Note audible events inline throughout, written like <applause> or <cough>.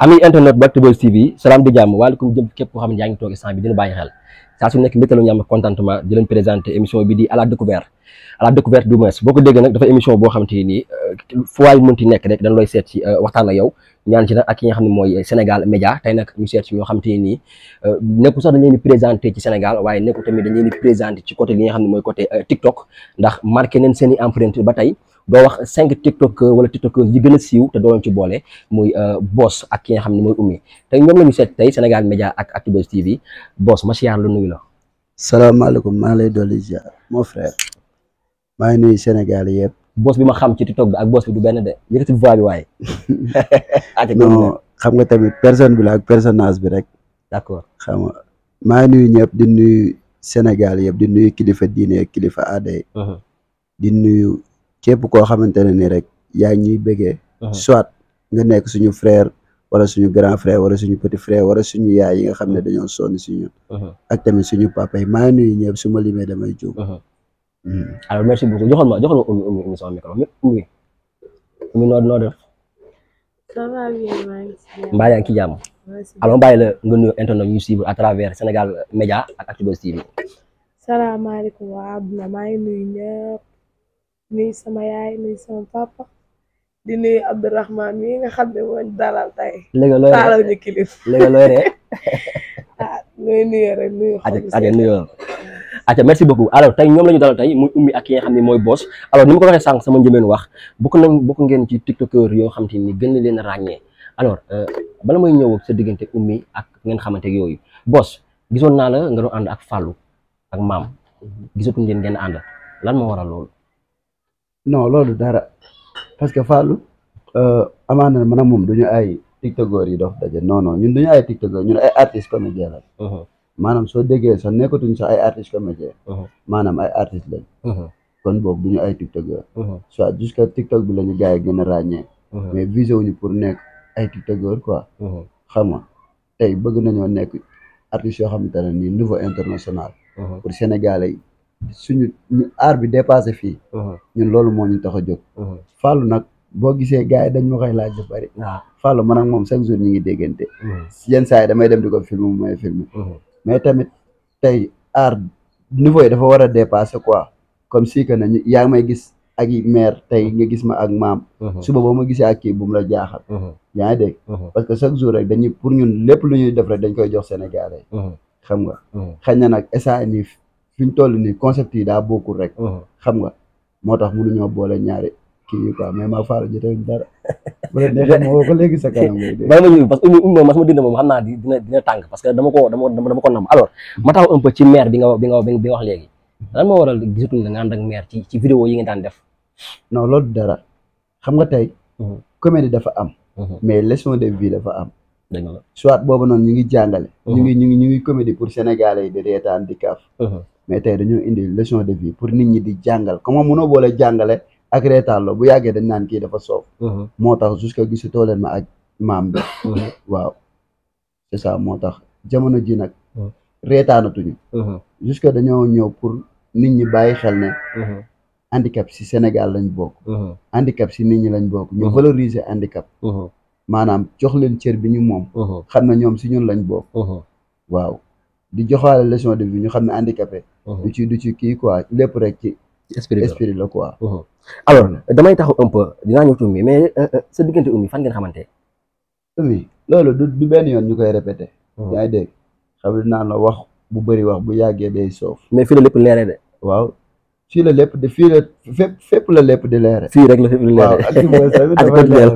ami internet bu Actubuzz TV salaam di jàmm waaleykum jëm képp koo xam ngi toog instant bi dina bàyyi xel saa su nekk mbégtalu ñu am contentement ko xam te nii fu waay mënti nekk rek dañ looy seet ci euh, waxtaan ak yow ñaan ci nag ak ki nga xam ne mooy euh, Sénégal Média tey ñu seet ci ñoo xam te nii euh, nekku sax dañ leen di présenter ci Sénégal waaye nekku tamit dañ leen di présenter ci côté li nga xam ne mooy côté TikTok ndax marqué nañ seen i ba tey doo wax cinq tiktok euh, wala tiktokers yi gën a siiw te doo leen ci boole muy euh, Boss ak ki nga xam ne mooy Oumy tey ñoom la seet tey Sénégal Média ak Actubuzz TV boos ma siyaar la nuyu la. salaamaaleykum maa lay dolli ziar moo frère maa ngi nuyu Sénégal yëpp. Boss bi ma xam ci tiktok bi ak Boss bi du benn de yëkkati voix bi waaye. <laughs> non xam nga tamit personne bi la ak personnage bi rek. d'accord xam nga maa ngi nuyu ñëpp di nuyu Sénégal yëpp di nuyu kilifa diine kilifa aada yi. Uh-huh. di nuyu. képp koo xamante ne nii rek yaa ñuy bëggee uh-huh. soit nga nekk suñu frère wala suñu grand frère wala suñu petit frère wala suñu yaay yi nga xam ne uh-huh. dañoo sonn si ñun uh-huh. ak tamit suñu papa yi maa ngi nuyu ñëpp su ma limee damay jóg hmm. alors merci beaucoup joxoon ma joxoon ma ummi noo noo def mbaa yaa ngi ci jàmm alors nga nuyu internet ñu suivre à travers Sénégal Média ak Actubuzz TV salaamaaleykum waa àdduna maa ngi nuyu nuy sama yaay nuy sama papa di nuyu Abdourahman mi nga xam ne moo dalal tey. léegi looy re taalal ñu kilif. léegi looy re. <laughs> Ah, rek merci beaucoup alors tey ñoom la ñu dalal tey muy ummi ak yi ne mooy boss alors ni ma ko waxee sànq sama njëmeen wax bokk nañ bokk ngeen ci tiktokeur yoo xam te ni gën na leen ràññee alors euh, bala may ñëw sa diggante ummi ak ngeen xamante yooyu bos gisoon naa la nga doon ànd ak Fallou ak maam mm-hmm. gisatuñ leen ngeen ànd lan moo waral loolu. non loolu dara parce que Fallou euh, amaana man ak moom du ñu ay tiktokeur yi dox daje non non ñun du ñu ay tiktokeur ñun ay artistes comédien la. Uh-huh. maanaam soo déggee sax nekkatuñ sax ay artistes comédien. Uh-huh. maanaam ay artistes lañ. Uh-huh. kon boobu du ñu ay tiktokeur. soit jusqu'à tiktok bi la ñu gars yi gën a ràññee. mais visé wuñu pour nekk ay tiktokeur quoi. xam nga tey bëgg nañoo nekk artistes yoo xamante ne nii niveau international. pour sénégalais suñu ñu aar bi dépassé fii. Uh-huh. ñun loolu moo ñu tax a jóg. Uh-huh. Fallou nag boo gisee gars yi dañ ma koy laaj lu bari. waaw Fallou man ak moom chaque jour ñu ngi déggante. Uh-huh. yenn saa yi damay dem di ko filmer mooy filmer. mais tamit tey aar niveau yi dafa war a dépassé quoi comme si que yaa ngi may gis ak mère tey nga gis ma ak maam. suba boo ma gisee ak kii bu mu la jaaxal. yaa ngi dégg. parce que chaque jour rek dañuy pour ñun lépp lu ñuy def rek dañ koy jox Sénégalais. xam nga. xëy na nag fi ñu toll nii concept yi daa bokkul rek. Uh-huh. xam nga moo tax mënuñoo boole ñaari kii yi quoi mais maa faara dara. <laughs> ma woo léegi sa kanam ngay dégg. bàyyi ma ñëw parce ma sama ko dama dama ko nam alors ma taxaw un peu ci maire bi nga bi nga bi nga wax léegi lan moo waral gisatuñ la nga ànd maire ci ci yi nga daan def. non loolu dara xam nga tey. Uh-huh. comédie dafa am. Uh-huh. mais leçon de vie dafa am. soit boobu noonu ñu ngi jàngale. ñu ngi ñu ngi ñu ngi comédie pour sénégalais yi di reetaan di kaaf. mais tey dañoo indi leçon de vie pour nit ñi di jàngal comment munoo boole jàngale ak reetaanloo bu yàggee dañ naan kii dafa soof. Mm-hmm. moo tax jusqu'à gisutoo leen ma ak maam bi. Mm-hmm. waaw c'est ça moo tax jamono ji nag. Mm-hmm. reetaanatuñu. jusque dañoo ñëw pour nit ñi bàyyi xel ne. handicap si Sénégal lañ bokk. handicap si nit ñi lañ bokk. ñu valoriser handicap. maanaam jox leen cër bi ñu moom. xam na ñoom si ñun lañ bokk. di joxaale leçon de vie ñu xam ne handicapé. Uh-huh. du du ci kii quoi lépp rek ci. esprit la esprit la quoi. Uh-huh. alors damay taxaw un peu dinaa ñëw ci ummi mais euh, euh, sa diggante ummi fan ngeen xamante ummi loolu du du benn yoon ñu koy répété. Uh-huh. yaa ngi dégg xam naa la wax bu bëri wax bu yàggee day soof. mais fi la lépp leeree de. waaw fii la lépp de fii la fépp fépp la lépp di leere fii rek la fépp di leeree ak <laughs> kër leer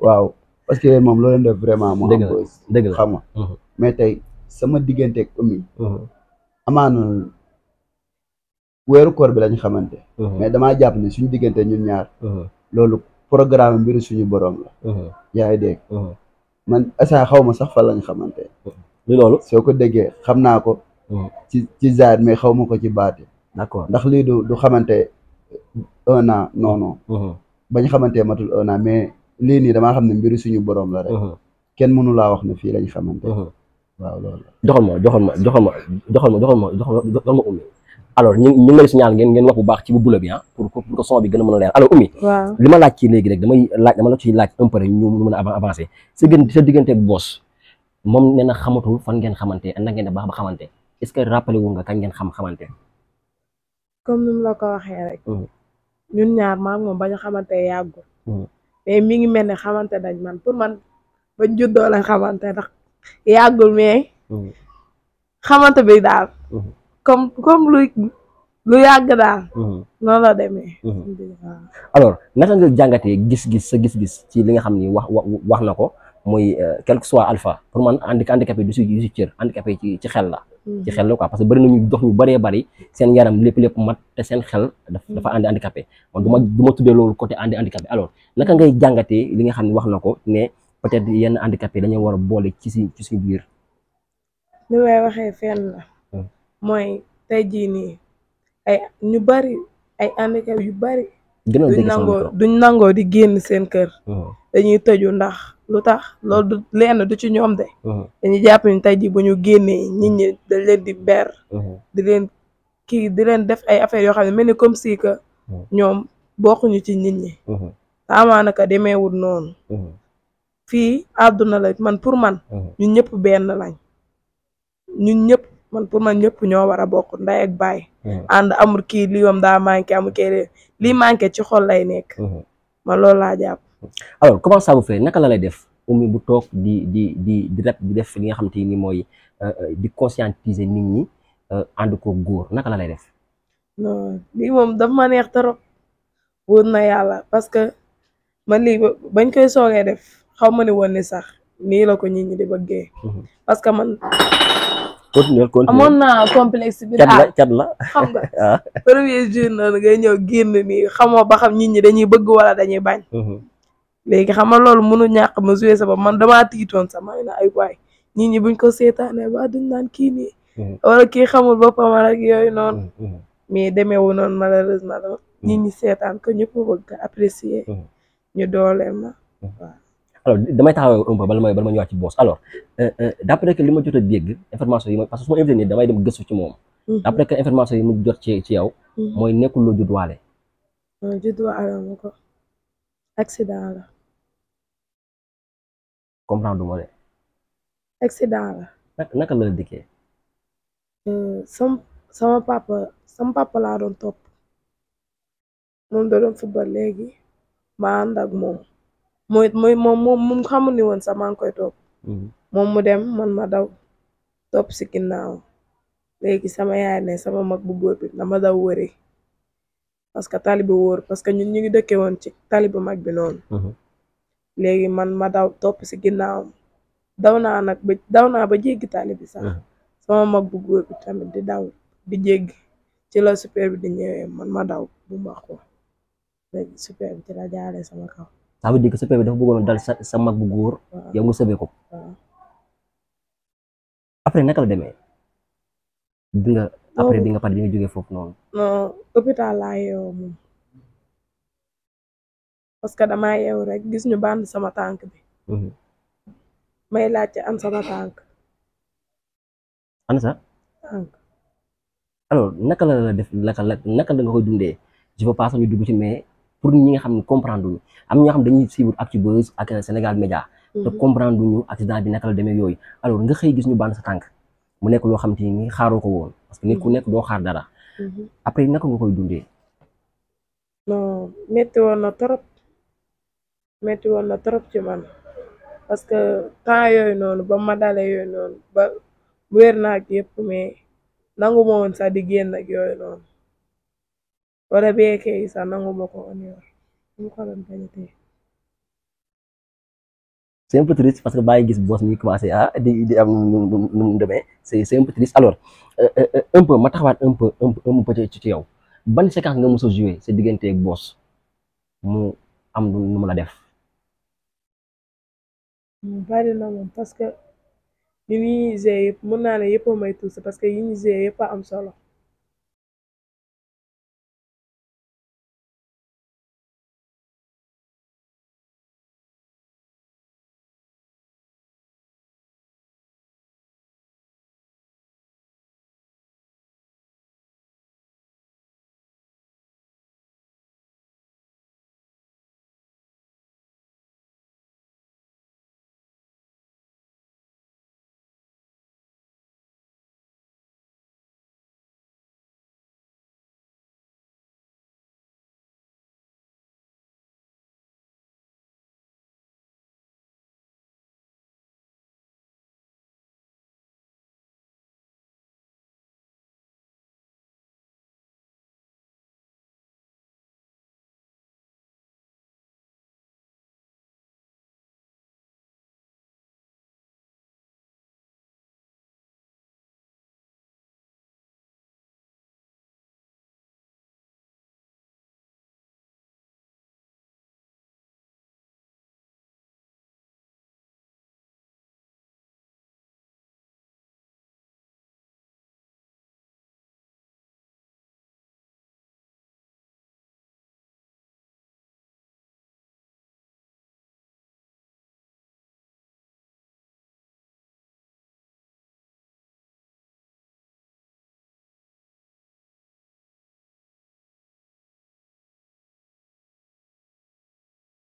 waaw parce que moom loolu leen def vraiment. mu am dëgg la xam nga mais tey. sama diggante ummi. Uh-huh. amaana weeru koor bi lañ xamante. Uh-huh. mais damaa jàpp ne suñu diggante ñun ñaar. Uh-huh. loolu programme mbiru suñu borom la. yaa ngi dégg. man asa xaw ma sax fan lañ xamante. loolu soo ko déggee xam naa ko. ci ci zaar mais xaw ma ko ci baate. d'accord ndax lii du xamante un an non non. bañ xamante matul un mais lii nii damaa xam ne mbiru suñu borom la rek. kenn mënu laa wax ne fii lañ xamante. waaw loolu joxal ma joxal ma joxal ma joxal ma joxal ma ma ummi alors ñu ñu ngi lay ngeen ngeen wax bu baax ci bu bula bi ah pour pour que son bi gën a li ma laaj ci léegi rek laaj dama la ciy laaj un peu rek ñu mën a avancé sa gën sa diggante boos moom nee na xamatul fan ngeen xamante na ngeen de ba xamante est ce que rappelé wu nga kañ ngeen xamante comme ni la ko waxee rek mmh. ñun ñaar maam moom ba ñu xamante yàggul mmh. mais mi ngi mel ne xamante dañ man pour man bañ juddoo la xamante ndax yàggul mais. Mhm. xamante bi daal. Mhm. comme comme lu lu yàgg daal. Mhm. noonu la demee. alors naka nga jàngatee gis-gis sa gis-gis ci li nga xam ni wax wax na ko muy euh, quel que soit alpha pour man andi handicapé du si du si cër handicapé ci ci xel la. ci xel la quoi parce que bëri nañu dox ñu bëree bëri seen yaram lépp lépp mat te seen xel dafa andi handicapé man du ma du ma tuddee loolu côté andi handicapé alors naka ngay jàngatee li nga xam ne wax na ko ne. peut-être yenn handicapés dañoo war a boole ci si ci suñu biir. li waxee fenn la. Hmm. mooy tey jii nii ay ñu bari ay handicapé yu bari. duñ nangoo duñ nangoo di génn seen kër. Hmm. dañuy tëju ndax lu tax loolu du lenn du ci ñoom de. Hmm. dañuy jàpp ni tey jii bu ñu génnee nit ñi dañ leen di ber. di leen kii di leen def ay affaires yoo xam ne mel ni comme si ñoom bokkuñu ci nit ñi. amaana ka demeewul noonu. fii àdduna la man pour man. Mhm. ñun ñëpp benn lañ. ñun ñëpp man pour man ñëpp ñoo war a bokk ndey ak baay. Mhm. ànd amul kii lii moom daa manqué amul lii manqué ci xool lay nekk. Mhm. man loolu laa jàpp. alors comment naka la lay def Oumy bu toog di di di di def li nga xam te ni mooy euh, euh, di conscientiser nit ñi euh, ànd ko góor naka la lay def. lii moom daf ma neex trop wóor na yàlla parce que man lii bañ koy soogee def. xaw ma ne woon ni sax nii la ko ñi ñi di bëggee. Mhm. parce que man. continuer continuer naa complexe bi. cat la xam nga. <laughs> Ah. premier jour noonu ngay ñëw génn nii xamoo ba xam nit ñi dañuy bëgg wala dañuy bañ. Mhm. léegi xam nga loolu mënu ñàkk ma joué sa man damaa tiitoon sama na ay waay nit ñi buñ ko seetaanee ba duñ kii nii. Mhm. wala kii xamul boppam rek yooyu noonu. mais demeewu noonu malheureusement nit ñi seetaan ko ñëpp bëgg apprécier. ñu dooleel alors damay taxawee un peu bala may bala boos alors euh, euh, d'après que li ma jot a dégg information yi ma parce que su ma mhm. yi ma jot ci ci mhm. mooy nekkul loo judduwaale. judduwaale ma ko accident la. du euh, moom da doon football léegi ma ànd moom. mooy mooy moom moom mu xamu ni woon sax maa ngi koy topp mm-hmm. moom mu dem man ma daw topp si ginnaaw léegi sama yaay sama mag bu góor bi dama daw wëri parce que tali bi wóor parce que ñun ñu ngi dëkke woon ci tali bu mag bi noonu mm-hmm. léegi man ma daw topp si ginnaawam daw naa nag ba daw naa ba jéggi tali bi sax mm-hmm. sama mag bu góor tamit di daw di jéggi ci la super bi di ñëwee man ma daw bu ma ko léegi super bi ci la jaaree sama kaw ça veut dire que sa père bi dafa bëggoon dal sa mag bu góor yow nga sauvé ko après naka la oh. demee bi nga après bi nga pare jógee foofu noonu non hôpital laa yeewoo moom parce que damaa yeewu rek gis ñu band sama tànk bi may laaj am sama tànk an a tànk alors naka la la def naka la naka la nga koy dundee je veux pas sax dugg ci mais pour ñi nga xam ne comprendre ñu am ñoo xam dañuy suivre Actubuzz ak Sénégal Média mhm. te comprendre ñu accident bi naka la demee yooyu alors nga xëy gis ñu bànn sa tànk mu nekk loo xam te ni xaaroo ko woon parce que nit ku mhm. nekk doo xaar dara mhm. après naka nga koy dundee non métti woon na trop métti woon na trop ci man parce que temps yooyu noonu ba ma dalee yooyu noonu ba wér naa ak yëpp mais nangu ma woon sax di génn yooyu noonu Wala beeke yi sax nanguma ko oneer mu xolam benn tey c'est un peu triste parce que bàyyi gis boss mi commencé ah di di am nu mu demee c'est c'est un peu triste alors euh, euh, euh, un peu ma taxawaat un peu un peu ci ci yow ban séquence nga mos a joué sa diggante ak boss mu am nu mu la def. bari na moom parce que li ñuy gisee yëpp mën naa ne yëpp a may tuuti parce que yi ñuy gisee yëpp a am solo.